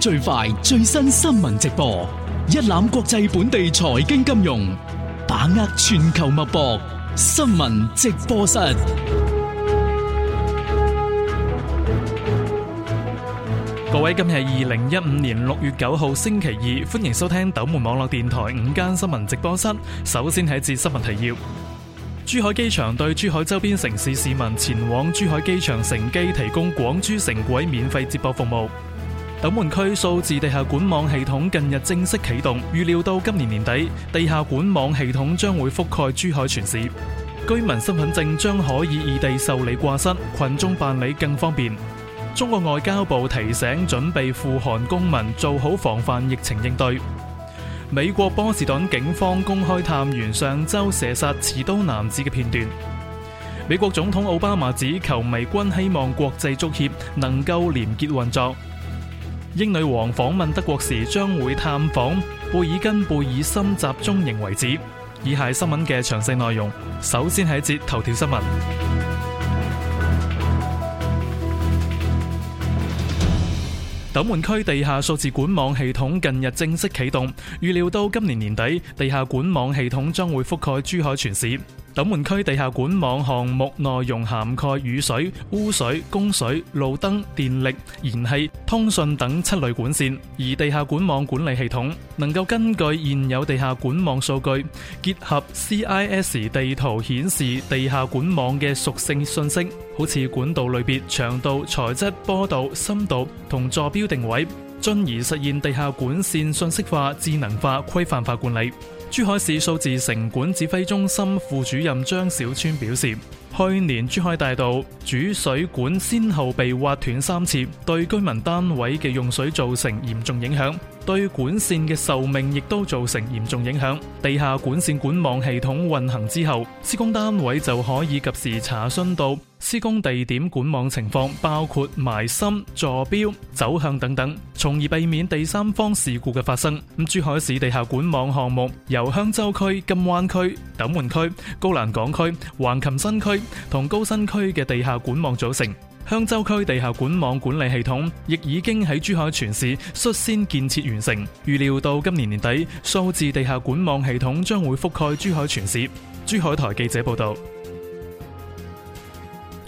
最快最新新聞直播，一覽國際本地財經金融，把握全球脈搏。新聞直播室，各位，今日係二零一五年六月九號星期二，歡迎收聽斗門網絡電台午間新聞直播室。首先係節新聞提要：珠海機場對珠海周邊城市市民前往珠海機場乘機提供廣珠城軌免費接駁服務。斗門區數字地下管網系統近日正式啟動，預料到今年年底，地下管網系統將會覆蓋珠海全市。居民身份證將可以異地受理掛失，群眾辦理更方便。中國外交部提醒準備赴韓公民做好防範疫情應對。美國波士頓警方公開探員上周射殺持刀男子嘅片段。美國總統奧巴馬指球迷均希望國際足協能夠廉潔運作。英女王訪問德國時，將會探訪貝爾根貝爾森集中營遺址。以下新聞嘅詳細內容，首先係一節頭條新聞。斗門區地下數字管網系統近日正式啟動，預料到今年年底，地下管網系統將會覆蓋珠海全市。九門區地下管網項目內容涵蓋雨水、污水、供水、路燈、電力、燃氣、通訊等七類管線，而地下管網管理系統能夠根據現有地下管網數據，結合 CIS 地圖顯示地下管網嘅屬性信息，好似管道類別、長度、材質、坡度、深度同坐標定位。進而實現地下管線信息化、智能化、規範化管理。珠海市數字城管指揮中心副主任張小川表示。去年珠海大道主水管先後被挖斷三次，對居民單位嘅用水造成嚴重影響，對管線嘅壽命亦都造成嚴重影響。地下管線管網系統運行之後，施工單位就可以及時查詢到施工地點管網情況，包括埋深、坐標、走向等等，從而避免第三方事故嘅發生。咁珠海市地下管網項目由香洲區、金灣區、斗門區、高欄港區、橫琴新區同高新區嘅地下管網組成，香洲區地下管網管理系統亦已經喺珠海全市率先建設完成。預料到今年年底，數字地下管網系統將會覆蓋珠海全市。珠海台記者報道。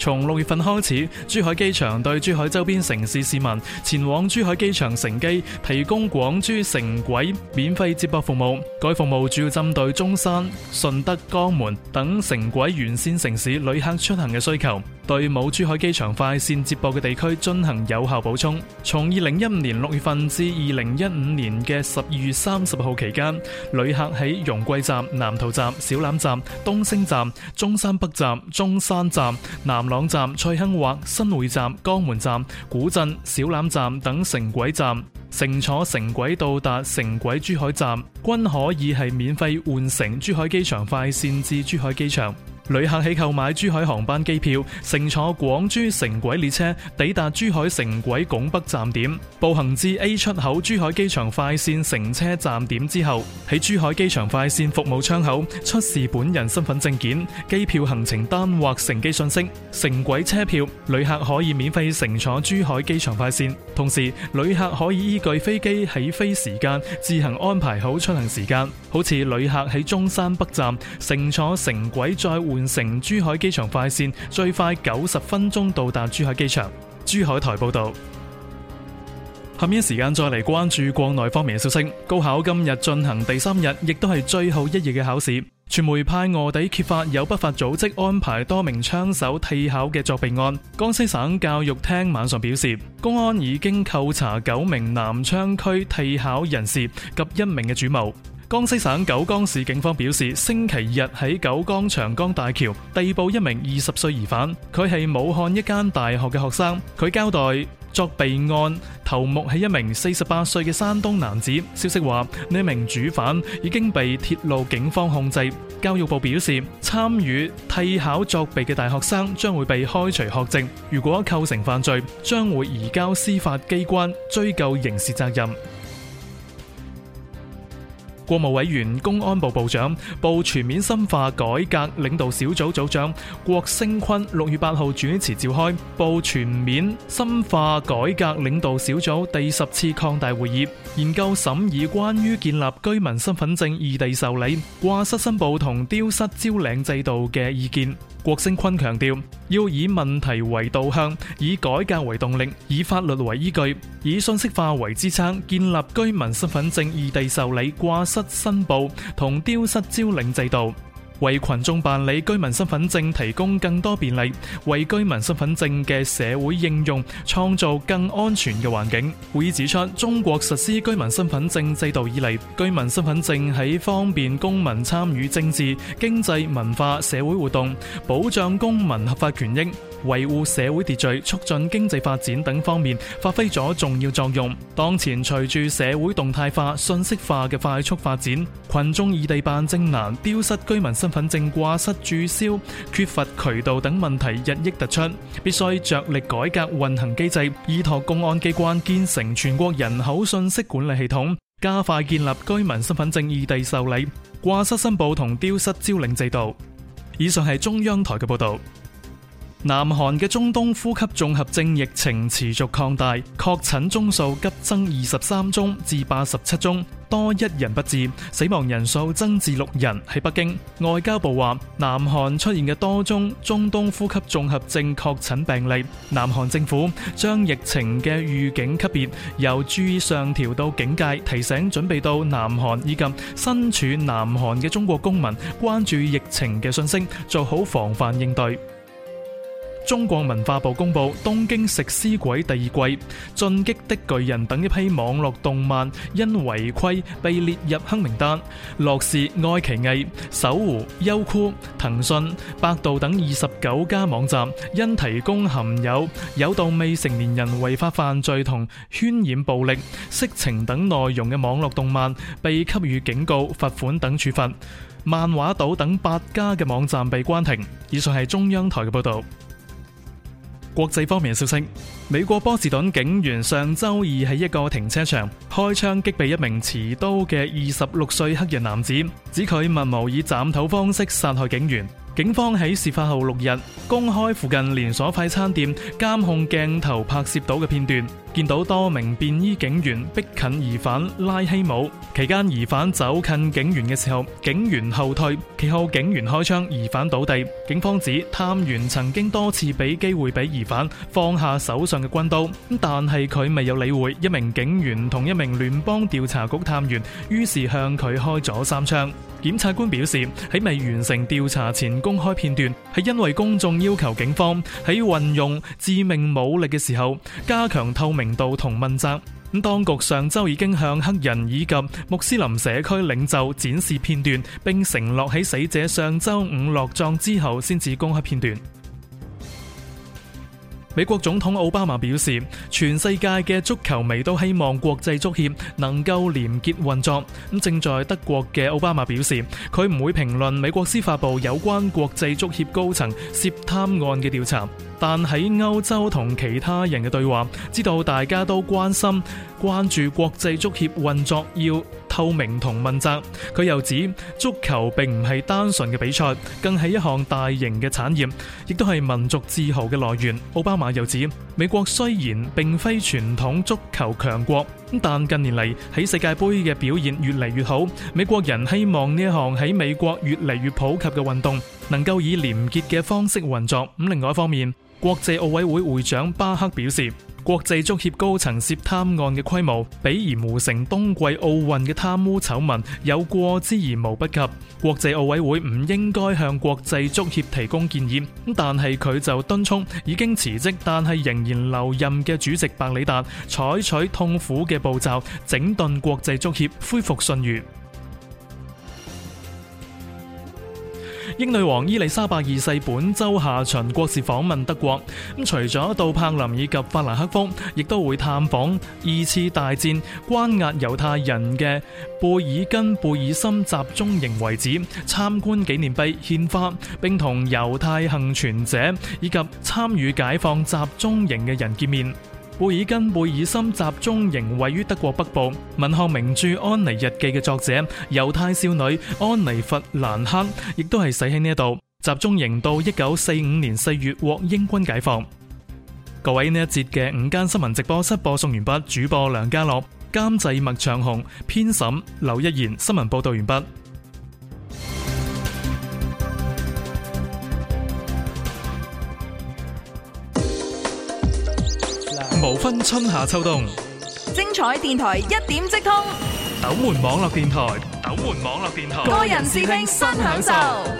從六月份開始，珠海機場對珠海周邊城市市民前往珠海機場乘機提供廣珠城軌免費接駁服務。該服務主要針對中山、順德、江門等城軌沿線城市旅客出行嘅需求。對冇珠海機場快線接駁嘅地區進行有效補充。從二零一五年六月份至二零一五年嘅十二月三十號期間，旅客喺容桂站、南頭站、小欖站、東升站、中山北站、中山站、南朗站、翠亨或新會站、江門站、古鎮、小欖站等城軌站乘坐城軌到達城軌珠海站，均可以係免費換乘珠海機場快線至珠海機場。旅客喺購買珠海航班機票，乘坐廣珠城軌列車抵達珠海城軌拱北站點，步行至 A 出口珠海機場快線乘車站點之後，喺珠海機場快線服務窗口出示本人身份證件、機票行程單或乘機信息、城軌車票，旅客可以免費乘坐珠海機場快線。同時，旅客可以依據飛機起飛時間自行安排好出行時間。好似旅客喺中山北站乘坐城軌再換。完成珠海機場快線，最快九十分鐘到達珠海機場。珠海台報道。下面時間再嚟關注國內方面嘅消息。高考今日進行第三日，亦都係最後一日嘅考試。傳媒派卧底揭發有不法組織安排多名槍手替考嘅作弊案。江西省教育廳晚上表示，公安已經扣查九名南昌區替考人士及一名嘅主謀。江西省九江市警方表示，星期日喺九江長江大橋逮捕一名二十歲疑犯，佢係武漢一間大學嘅學生，佢交代作弊案頭目係一名四十八歲嘅山東男子。消息話呢名主犯已經被鐵路警方控制。教育部表示，參與替考作弊嘅大學生將會被開除學籍，如果構成犯罪，將會移交司法機關追究刑事責任。國務委員、公安部部長、部全面深化改革領導小組組長郭聲琨六月八號主持召開部全面深化改革領導小組第十次擴大會議，研究審議關於建立居民身份證異地受理、掛失申報同丟失招領制度嘅意見。郭聲琨強調，要以問題為導向，以改革為動力，以法律為依據，以信息化為支撐，建立居民身份證異地受理、掛失。申報同丟失招領制度，為群眾辦理居民身份證提供更多便利，為居民身份證嘅社會應用創造更安全嘅環境。會議指出，中國實施居民身份證制度以嚟，居民身份證喺方便公民參與政治、經濟、文化、社會活動，保障公民合法權益。維護社會秩序、促進經濟發展等方面發揮咗重要作用。當前隨住社會動態化、信息化嘅快速發展，群眾異地辦證難、丟失居民身份證、掛失注銷、缺乏渠道等問題日益突出，必須着力改革運行機制，依託公安機關建成全國人口信息管理系統，加快建立居民身份證異地受理、掛失申報同丟失招領制度。以上係中央台嘅報道。南韓嘅中東呼吸綜合症疫情持續擴大，確診宗數急增二十三宗至八十七宗，多一人不治，死亡人數增至六人。喺北京，外交部話，南韓出現嘅多宗中東呼吸綜合症確診病例，南韓政府將疫情嘅預警級別由注意上調到警戒，提醒準備到南韓以及身處南韓嘅中國公民關注疫情嘅信息，做好防範應對。中國文化部公布《東京食屍鬼》第二季、《進擊的巨人》等一批網絡動漫因違規被列入黑名單。樂視、愛奇藝、搜狐、優酷、騰訊、百度等二十九家網站因提供含有誘導未成年人違法犯罪同渲染暴力、色情等內容嘅網絡動漫，被給予警告、罰款等處罰。漫畫島等八家嘅網站被關停。以上係中央台嘅報道。國際方面嘅消息。美國波士頓警員上周二喺一個停車場開槍擊斃一名持刀嘅二十六歲黑人男子，指佢密謀以斬頭方式殺害警員。警方喺事發後六日公開附近連鎖快餐店監控鏡頭拍攝到嘅片段，見到多名便衣警員逼近疑犯拉希姆，期間疑犯走近警員嘅時候，警員後退，其後警員開槍，疑犯倒地。警方指探員曾經多次俾機會俾疑犯放下手上。嘅軍刀，但係佢未有理會，一名警員同一名聯邦調查局探員，於是向佢開咗三槍。檢察官表示，喺未完成調查前公開片段，係因為公眾要求警方喺運用致命武力嘅時候加強透明度同問責。當局上周已經向黑人以及穆斯林社區領袖展示片段，並承諾喺死者上周五落葬之後先至公開片段。美國總統奧巴馬表示，全世界嘅足球迷都希望國際足協能夠廉潔運作。咁正在德國嘅奧巴馬表示，佢唔會評論美國司法部有關國際足協高層涉貪案嘅調查，但喺歐洲同其他人嘅對話，知道大家都關心，關注國際足協運作要透明同問責。佢又指足球並唔係單純嘅比賽，更係一項大型嘅產業，亦都係民族自豪嘅來源。奧巴馬又指美國雖然並非傳統足球強國，但近年嚟喺世界杯嘅表現越嚟越好。美國人希望呢一項喺美國越嚟越普及嘅運動，能夠以廉潔嘅方式運作。咁另外一方面。國際奧委會會長巴克表示，國際足協高層涉貪案嘅規模，比鹽湖城冬季奧運嘅貪污醜聞有過之而無不及。國際奧委會唔應該向國際足協提供建議，但係佢就敦促已經辭職但係仍然留任嘅主席白里達採取痛苦嘅步驟整頓國際足協，恢復信譽。英女王伊麗莎白二世本周下旬國事訪問德國，咁除咗到柏林以及法蘭克福，亦都會探訪二次大戰關押猶太人嘅貝爾根貝爾森集中營遺址，參觀紀念碑、獻花，並同猶太幸存者以及參與解放集中營嘅人見面。貝爾根、貝爾森集中營位於德國北部，文學名著《安妮日記》嘅作者猶太少女安妮·弗蘭克亦都係死喺呢一度集中營，到一九四五年四月獲英軍解放。各位呢一節嘅午間新聞直播室播送完畢，主播梁家樂，監製麥長虹，編審劉一言，新聞報道完畢。無分春夏秋冬，精彩電台一點即通，斗門網絡電台，斗門網絡電台，個人視聽，新享受。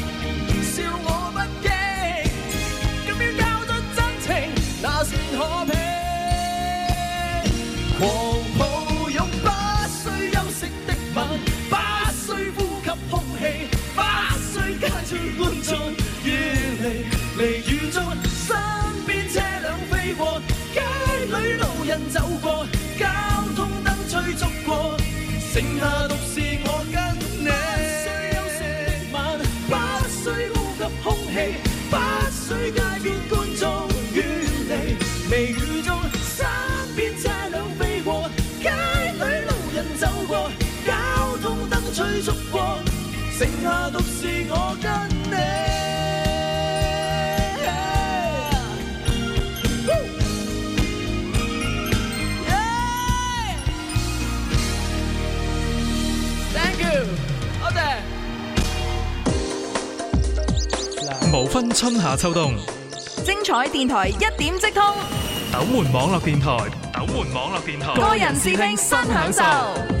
微雨中，身邊車輛飛過，街裏路人走過，交通燈催促過，剩下獨。春夏秋冬，精彩電台一點即通，斗門網絡電台，斗門網絡電台，個人視聽新享受。